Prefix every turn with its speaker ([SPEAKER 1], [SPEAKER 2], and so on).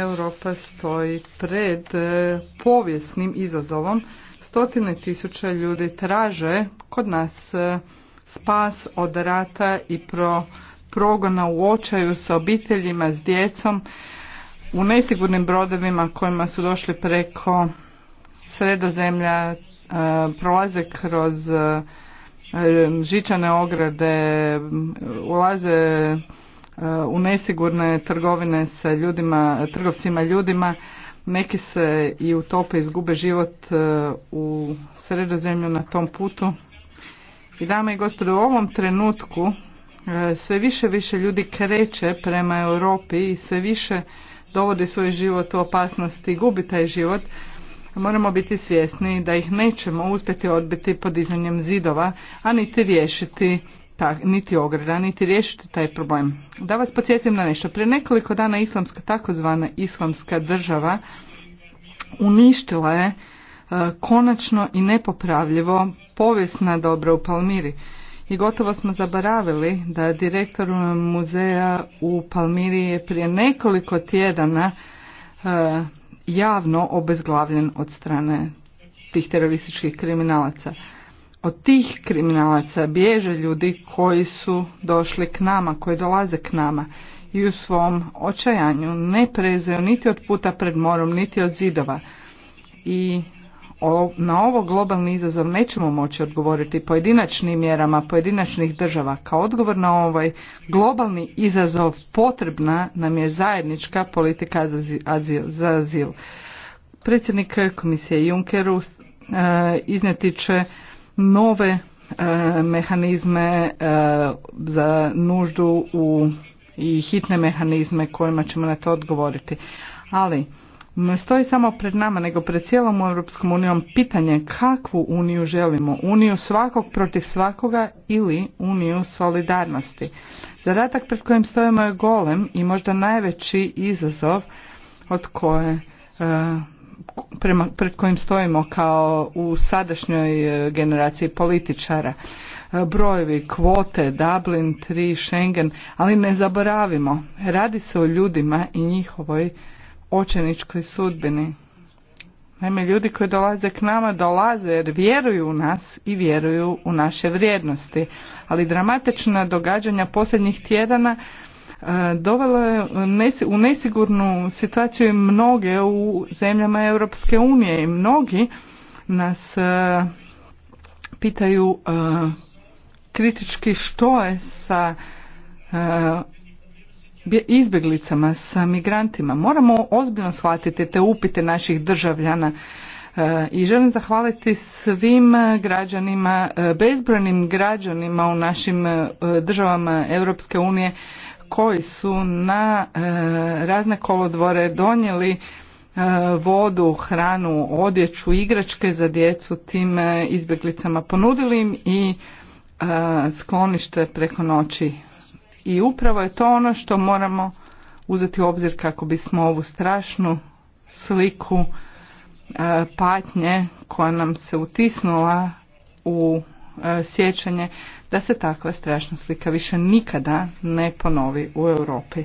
[SPEAKER 1] Europa stoji pred e, povijesnim izazovom. Stotine tisuća ljudi traže kod nas e, spas od rata i pro progona u očaju sa obiteljima, s djecom, u nesigurnim brodovima kojima su došli preko sredozemlja, e, prolaze kroz žičane ograde, ulaze u nesigurne trgovine sa ljudima, trgovcima ljudima. Neki se i utope, izgube život e, u sredozemlju na tom putu. I dame i gospodo, u ovom trenutku e, sve više više ljudi kreće prema Europi i sve više dovodi svoj život u opasnost i gubi taj život. Moramo biti svjesni da ih nećemo uspjeti odbiti podizanjem zidova, a niti riješiti niti ograda, niti riješiti taj problem. Da vas podsjetim na nešto. Prije nekoliko dana islamska, takozvana islamska država uništila je e, konačno i nepopravljivo povijesna dobra u Palmiri. I gotovo smo zaboravili da direktor muzeja u Palmiri je prije nekoliko tjedana e, javno obezglavljen od strane tih terorističkih kriminalaca. Od tih kriminalaca bježe ljudi koji su došli k nama, koji dolaze k nama i u svom očajanju ne prezeju niti od puta pred morom, niti od zidova. I na ovo globalni izazov nećemo moći odgovoriti pojedinačnim mjerama pojedinačnih država. Kao odgovor na ovaj globalni izazov potrebna nam je zajednička politika za azil. Za Predsjednik komisije Junckeru e, iznijeti će nove e, mehanizme e, za nuždu u i hitne mehanizme kojima ćemo na to odgovoriti. Ali ne stoji samo pred nama, nego pred cijelom Europskom unijom pitanje kakvu uniju želimo. Uniju svakog protiv svakoga ili uniju solidarnosti. Zadatak pred kojim stojimo je golem i možda najveći izazov od koje e, pred kojim stojimo kao u sadašnjoj e, generaciji političara. E, brojevi, kvote, Dublin, 3, Schengen, ali ne zaboravimo, radi se o ljudima i njihovoj očeničkoj sudbini. Naime, ljudi koji dolaze k nama dolaze jer vjeruju u nas i vjeruju u naše vrijednosti. Ali dramatična događanja posljednjih tjedana E, dovelo je u nesigurnu situaciju mnoge u zemljama Europske unije i mnogi nas e, pitaju e, kritički što je sa izbjeglicama, sa migrantima. Moramo ozbiljno shvatiti te upite naših državljana i želim zahvaliti svim građanima, bezbrojnim građanima u našim državama Europske unije koji su na e, razne kolodvore donijeli e, vodu, hranu, odjeću, igračke za djecu tim e, izbjeglicama ponudili im i sklonište preko noći. I upravo je to ono što moramo uzeti u obzir kako bismo ovu strašnu sliku patnje koja nam se utisnula u E, sjećanje da se takva strašna slika više nikada ne ponovi u Europi.